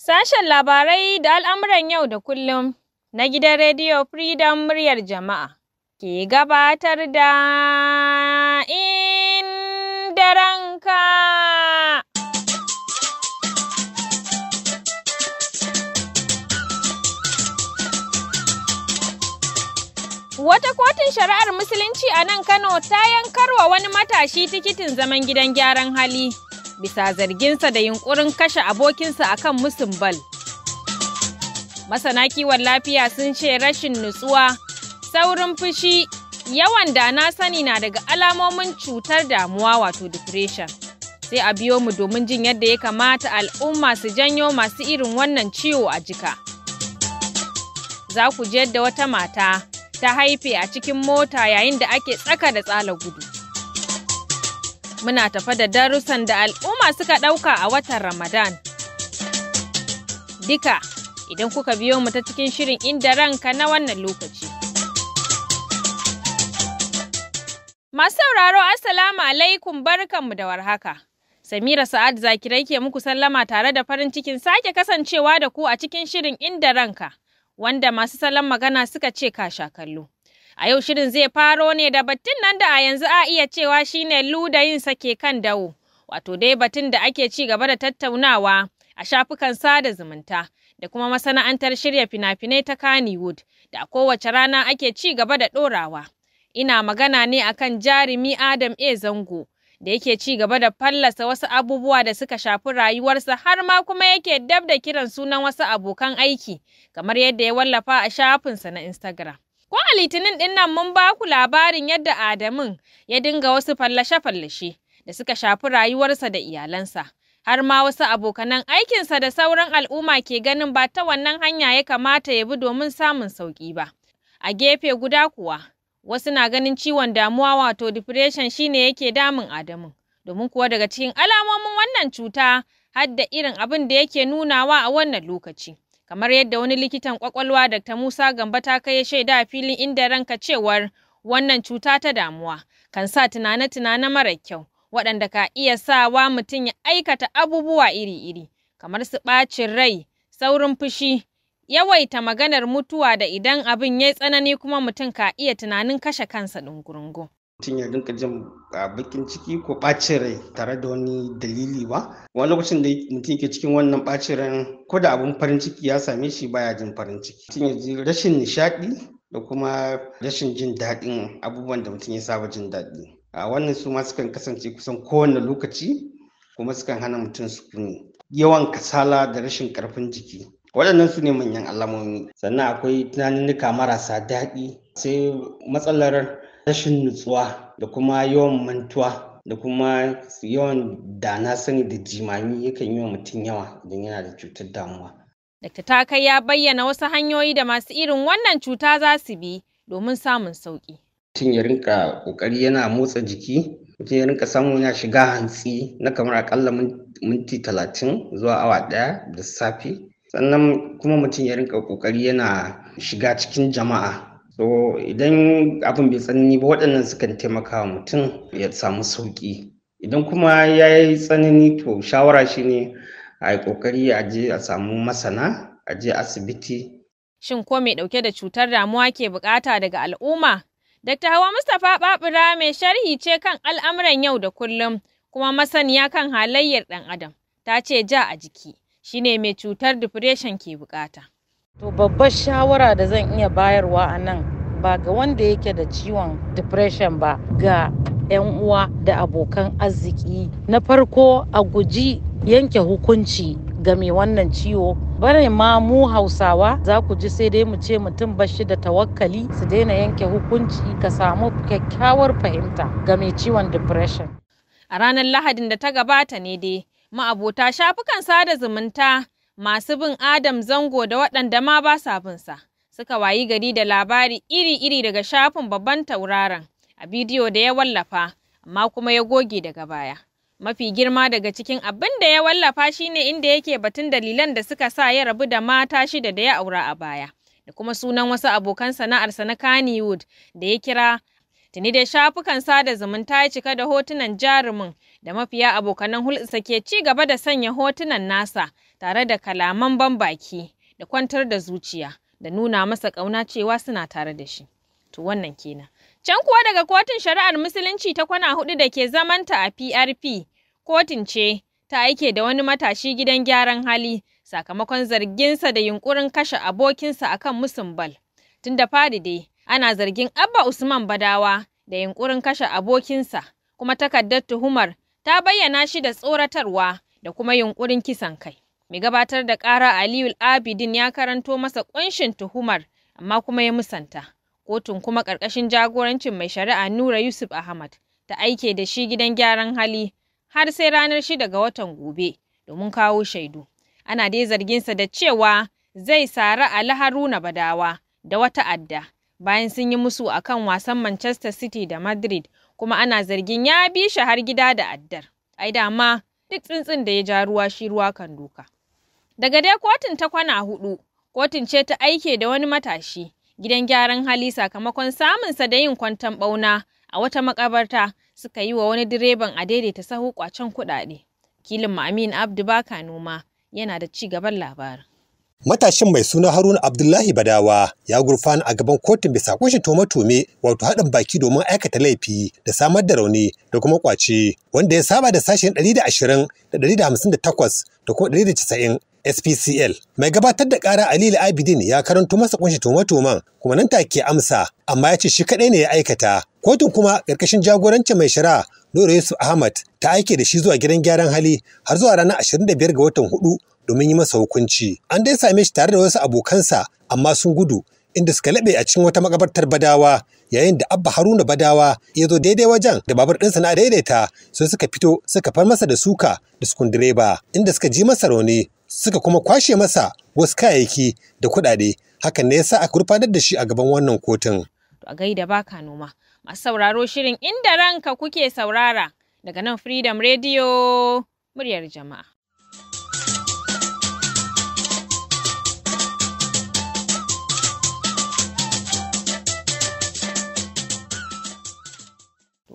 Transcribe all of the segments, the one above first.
Sashen labarai da al'amuran yau da kullum na gidan Rediyo Freedom muryar jama'a ke gabatar da inda ranka. Wata kotun shari'ar Musulunci a nan Kano ta yankarwa wani matashi tikitin zaman gidan gyaran hali. bisa zarginsa da yunkurin kashe abokinsa akan musun bal. Masana kiwon lafiya sun ce rashin nutsuwa, saurin fushi, yawan da na sani na daga alamomin cutar damuwa wato depression. Sai a biyo mu domin jin yadda ya kamata al'umma su janyo masu irin wannan ciwo a jika. Za ku ji yadda wata mata ta haife a cikin mota yayin da ake tsaka da tsala gudu. muna tafa da darussan da al'umma suka ɗauka a watan Ramadan. Dika, idan kuka biyo mu ta cikin shirin inda ranka na wannan lokaci. Masu sauraro, Assalamu alaikum barkanmu da warhaka. Samira Sa'ad Zakirai ke muku sallama tare da farin cikin sake kasancewa da ku a cikin shirin inda ranka, wanda masu salon magana suka ce ka kallo. A yau shirin zai faro ne da batun nan da a yanzu a iya cewa shine ludayinsa ke kan dawo, wato dai batun da ake ci gaba da tattaunawa a shafukan sada zumunta da kuma masana'antar shirya fina-finai ta Kannywood da a kowace rana ake ci gaba da ɗorawa. Ina magana ne akan jarumi Adam A. Zango da yake ci gaba da fallasa wasu abubuwa da suka shafi rayuwarsa har ma kuma yake dab da kiran sunan wasu abokan aiki kamar yadda ya wallafa a shafinsa na Instagram. Ko a litinin ɗinnan nan mun ba ku labarin yadda Adamu ya dinga wasu fallashe-fallashe da suka shafi rayuwarsa da iyalansa. Har ma wasu abokanan aikinsa da sauran al'umma ke ganin ba ta wannan hanya ya kamata ya bi domin samun sauƙi ba. A gefe guda kuwa, wasu na ganin ciwon damuwa wato depression shine yake damun Adamu, Domin kuwa daga cikin alamomin wannan cuta har da irin abin da yake nunawa a wannan lokaci. kamar yadda wani likitan kwakwalwa Dr. Musa Gamba ta kai ya shaida a filin inda ranka cewar wannan cuta ta damuwa kan sa tunane-tunane mara kyau waɗanda ka iya sawa mutum ya aikata abubuwa iri-iri kamar su ɓacin rai saurin fushi yawaita maganar mutuwa da idan abin ya tsanani kuma mutum ka iya tunanin kashe kansa ɗungurungun. mutum ya rinka jin ah, bakin ciki ko ɓacin rai tare da wani dalili ba wani lokacin da mutum ke cikin wannan ɓacin rai ko da abin farin ciki ya same shi baya jin farin ciki mutum ya ji rashin nishaɗi da kuma rashin jin daɗin abubuwan da mutum ya saba jin daɗi a ah, wannan su ma sukan kasance kusan kowane lokaci kuma sukan hana mutum sukuni yawan kasala da rashin ƙarfin jiki waɗannan su ne manyan alamomi sannan akwai tunaninnika marasa daɗi sai matsalar rashin nutsuwa da kuma yawan mantuwa da kuma yawan da na sani da jimami yakan yi wa mutum yawa idan yana da cutar damuwa. Dakta Takai ya bayyana wasu hanyoyi da masu irin wannan cuta za su bi domin samun sauƙi. Mutum ya rinka ƙoƙari yana motsa jiki, mutum ya rinka samu yana shiga hantsi na kamar akalla minti talatin zuwa awa ɗaya da safe. Sannan kuma mutum ya rinka ƙoƙari yana shiga cikin jama'a so idan abin bai tsanani ba waɗannan sukan taimaka wa mutum ya samu sauƙi idan kuma ya yi tsanani to shawara shine a yi ƙoƙari a je a samu masana a je asibiti shin ko mai ɗauke da cutar damuwa ke buƙata daga al'umma Dr. Hawa Mustapha Babura mai sharhi ce kan al'amuran yau da kullum kuma masaniya kan halayyar ɗan adam ta ce ja a jiki shine mai cutar depression ke buƙata. To babbar shawara da zan iya bayarwa a nan ba ga wanda yake da ciwon depression ba ga 'yan uwa da abokan arziki. Na farko a guji yanke hukunci ga mai wannan ciwo bare ma mu hausawa za ku ji sai dai mu ce mutum bashi da tawakkali su daina yanke hukunci ka samu kyakkyawar fahimta ga mai ciwon depression a ranar lahadin da ta gabata ne dai ma'abota shafukan sada zumunta masu bin Adam zango da waɗanda ma ba sa sa Suka wayi gari da labari iri-iri daga shafin babban tauraron a bidiyo da ya wallafa, amma kuma ya goge daga baya. Mafi girma daga cikin abin da ya wallafa shine inda yake batun dalilan da suka sa ya rabu da mata shida da ya aura a baya, da kuma sunan wasu abokan sana'ar sa na Kannywood da ya kira Tuni da shafukan sada zumunta ya cika da hotunan jarumin da mafiya abokanan hulɗarsa ke ci gaba da sanya hotunan nasa tare da kalaman ban baki da kwantar da zuciya da nuna masa ƙauna cewa suna tare da shi. To wannan kenan. Can kuwa daga kotun shari'ar musulunci ta kwana hudu da ke zamanta a PRP, kotun ce ta aike da wani matashi gidan gyaran hali sakamakon zarginsa da yunkurin kashe abokinsa akan musumbal. Tun da fari dai, ana zargin Abba Usman Badawa da yunkurin kashe abokinsa kuma takardar tuhumar ta bayyana shi da tsoratarwa da kuma yunkurin kisan kai. Mai gabatar da ƙara Aliyu Abidin ya karanto masa ƙunshin tuhumar amma kuma ya musanta. Kotun kuma ƙarƙashin jagorancin mai shari'a Nura Yusuf Ahmad ta aike da shi gidan gyaran hali har sai ranar shida ga watan gobe domin kawo shaidu. Ana dai zarginsa da cewa zai sari Ali Haruna Badawa da wata adda bayan sun yi musu akan wasan Manchester City da Madrid kuma ana zargin ya bi shi har gida da addar. Ai dama duk tsuntsun da ya ja ruwa shi ruwa kan duka. Daga dai kotun ta kwana hudu, kotun ce ta aike da wani matashi gidan gyaran hali sakamakon samun sa da yin kwantan bauna a wata makabarta suka yi wa wani direban a daidaita sahu kwacen kuɗaɗe. Kilin ma'amin Abdu Baka Noma yana da ci gaban labarin. Matashin mai suna Haruna Abdullahi Badawa ya gurfana a gaban kotun bisa kunshi tome-tome wato haɗin baki domin aikata laifi da samar da rauni da kuma kwace wanda ya saba da sashen 120 da 158 da kuma 190 SPCL. Mai gabatar da ƙara Aliyu Abidin ya karanto masa kunshi tome kuma nan take amsa amma ya ce shi kaɗai ne ya aikata. Kotun kuma ƙarƙashin jagorancin mai shara, Nura Yusuf Ahmad ta aike da shi zuwa gidan gyaran hali har zuwa ranar 25 ga watan hudu domin yi masa hukunci. An dai same shi tare da wasu abokansa amma sun gudu inda suka laɓe a cikin wata makabartar Badawa yayin da Abba Haruna Badawa ya zo daidai wajen da babur ɗinsa na daidaita sai suka fito suka far masa da suka da sukundireba inda suka ji masa rauni suka kuma kwashe masa wasu kayayyaki da kuɗaɗe hakan ne yasa aka gurfanar da shi a gaban wannan kotun. to A gaida baka noma masu sauraro shirin inda ranka kuke saurara daga nan Freedom Radio muryar jama'a.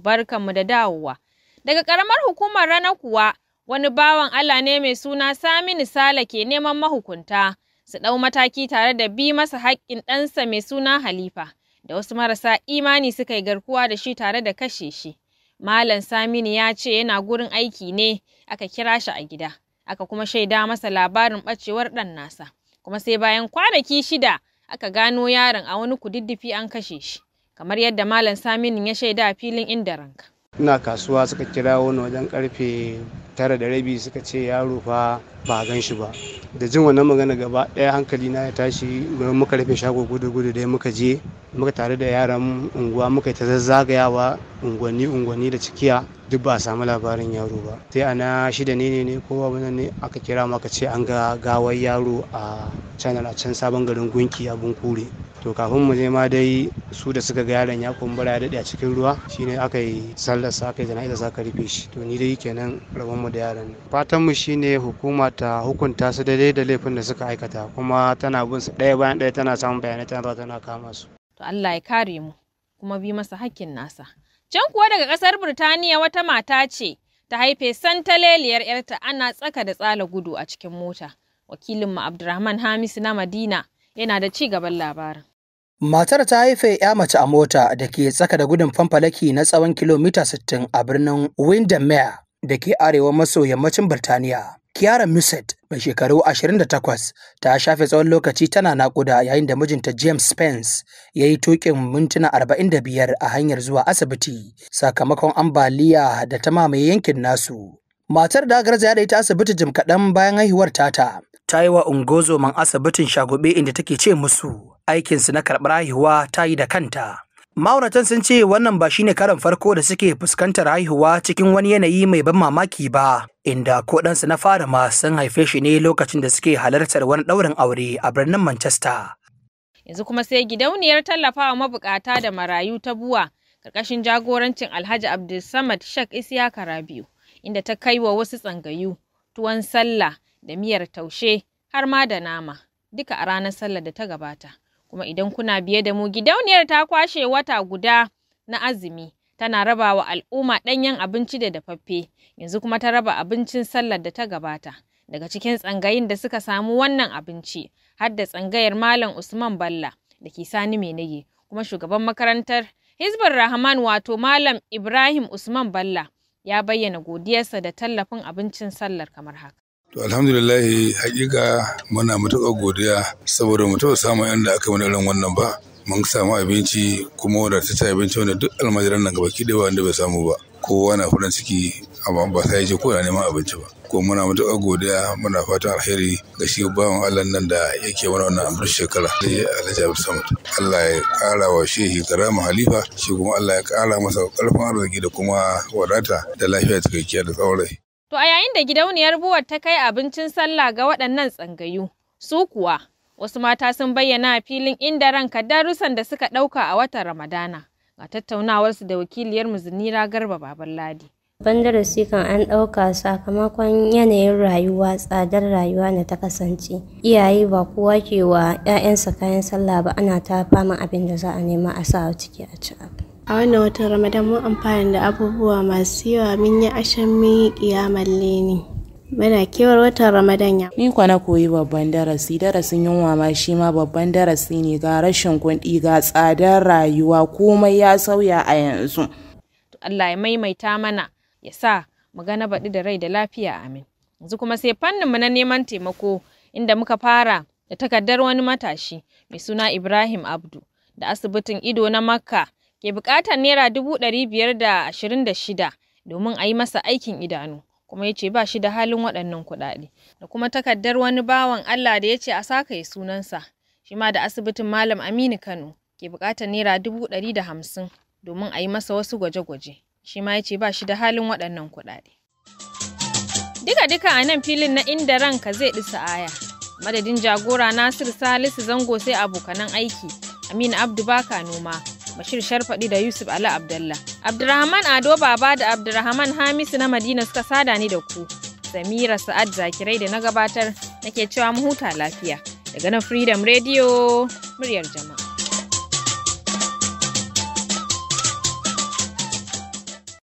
barkanmu da dawowa. Daga ƙaramar hukumar rana kuwa wani bawan Allah ne mai suna Saminu Sale ke neman mahukunta su ɗau mataki tare da bi masa haƙƙin ɗansa mai suna Halifa da wasu marasa imani suka yi garkuwa da shi tare da kashe shi. Malam Saminu ya ce yana gurin aiki ne aka kira shi a gida aka kuma shaida masa labarin ɓacewar ɗan nasa kuma sai bayan kwanaki shida aka gano yaron a wani kududdufi an kashe shi. kamar yadda Malam Saminu ya shaida a filin inda ranka. Ina kasuwa suka kira wani wajen karfe tara da rabi suka ce yaro fa ba gan shi ba. Da jin wannan magana gaba ɗaya hankali na ya tashi gurin muka rufe shago gudu gudu dai muka je muka tare da yaran unguwa muka ta zazzagayawa unguwanni unguwanni da cikiya duk ba a samu labarin yaro ba sai ana shida ne ne ko ba ne aka kira maka ce an ga gawar yaro a channel a can sabon garin gunki a bunkure to kafin mu je ma dai su da suka ga yaron ya kumbura ya daɗe a cikin ruwa shine aka yi sallar sa aka yi jana'iza sa ka rufe shi to ni dai kenan rabon mu da yaron fatan mu shine hukuma ta hukunta su daidai da laifin da suka aikata kuma tana bin su ɗaya bayan ɗaya tana samun bayanai tana tana kama su to Allah ya kare mu kuma bi masa hakkin nasa Can kuwa daga ƙasar Birtaniya wata mata ce ta haife santaleliyar ‘yarta ana tsaka da tsala gudu a cikin mota. Wakilinmu Abdurrahman Hamisu na Madina yana da ci gaban labarin. Matar ta haife ya mace a mota da ke tsaka da gudun fanfalaki na tsawon kilomita 60 a birnin Windermere da ke arewa maso yammacin Birtaniya. Kiara muset mai shekaru 28 ta shafe tsawon lokaci tana naƙuda yayin da mijinta James Spence ya yi tuƙin mintuna 45 a hanyar zuwa asibiti sakamakon ambaliya da ta mamaye yankin nasu. Matar da garzaya da ita asibiti jim kaɗan bayan haihuwar tata, ta yi wa man asibitin shagobe inda take ce musu aikinsu na karɓar haihuwa ta yi da kanta. ma'auratan sun ce wannan ba shine karan farko da suke fuskantar haihuwa cikin wani yanayi mai ban mamaki ba inda ko ɗansu na fara ma sun haife shi ne lokacin da suke halartar wani ɗaurin aure a birnin manchester yanzu kuma sai gidauniyar tallafawa mabukata da marayu ta buwa karkashin jagorancin alhaji abdulsamad shak isiyaka rabiu inda ta kai wa wasu tsangayu tuwon sallah da miyar taushe har ma da nama duka a ranar sallah da ta gabata Kuma idan kuna biye da mu gidauniyar ta kwashe wata guda na azumi tana raba wa al'umma ɗanyen abinci da dafaffe yanzu kuma ta raba abincin sallar da ta gabata. Daga cikin tsangayin da suka samu wannan abinci har da tsangayar Malam Usman Balla da ke sani mai kuma shugaban makarantar Hizbar Rahman wato Malam Ibrahim Usman Balla ya bayyana godiyarsa da tallafin abincin sallar kamar haka. To alhamdulillah hakika muna matuƙar godiya saboda mu taɓa samun yanda aka mana irin wannan ba. Mun samu abinci kuma wadataccen abinci wanda duk almajiran nan gabaki ɗaya wanda bai samu ba. Kowa na furan ciki amma ba sai ya kowa ko na neman abinci ba. Ko muna matuƙar godiya muna fatan alheri ga shi bawan Allah nan da yake mana wannan abin shekara. Sai Alhaji Abdul Samad. Allah ya ƙara wa shehi karama halifa shi kuma Allah ya ƙara masa ƙarfin arziki da kuma wadata da lafiya cikakkiya da tsaurai. To a yayin da gidauniyar buwar ta kai abincin sallah ga waɗannan tsangayu, su kuwa wasu mata sun bayyana a filin inda ranka darussan da suka ɗauka a watan Ramadana. Ga tattaunawarsu da wakiliyar muzunira Garba ladi. Ban darasi kan an ɗauka sakamakon yanayin rayuwa tsadar rayuwa da ta kasance. Iyaye ba kowa ke wa 'ya'yansa kayan sallah ba ana ta fama abin da za a nema a sa ciki a ci abu. A wannan watan Ramadan mun amfani da abubuwa masu yawa mun yi ashen mun yi ƙiyamar Muna kewar watan Ramadan ya. Ni kwana na koyi babban darasi, darasin yunwa ma shi ma babban darasi ne ga rashin kuɗi ga tsadar rayuwa komai ya sauya a yanzu. Allah ya maimaita mana ya sa mu baɗi da rai da lafiya amin. Yanzu kuma sai fannin mu na neman taimako inda muka fara da takardar wani matashi mai suna Ibrahim Abdu da asibitin ido na Makka ke bukatar naira dubu ɗari biyar da ashirin da shida domin a yi masa aikin idanu kuma ya ce ba shi da halin waɗannan kuɗaɗe da kuma takardar wani bawan Allah da ya ce a saka ya sunansa shi ma da asibitin Malam Aminu Kano ke bukatar naira dubu ɗari da hamsin domin a yi masa wasu gwaje-gwaje shi ma ya ce ba shi da halin waɗannan kuɗaɗe. Duka-duka a nan filin na inda ranka zai ɗisa aya. Madadin jagora Nasir Salisu zango sai abokanan aiki Aminu Abdu Baka noma. Bashir Sharfaɗi da Yusuf Ali Abdallah. Abdurrahman Ado Baba da Abdurrahman Hamisu na Madina suka sada ni da ku. Samira Sa'ad Zakirai da na gabatar nake cewa mu huta lafiya. Daga nan Freedom Radio muryar jama'a.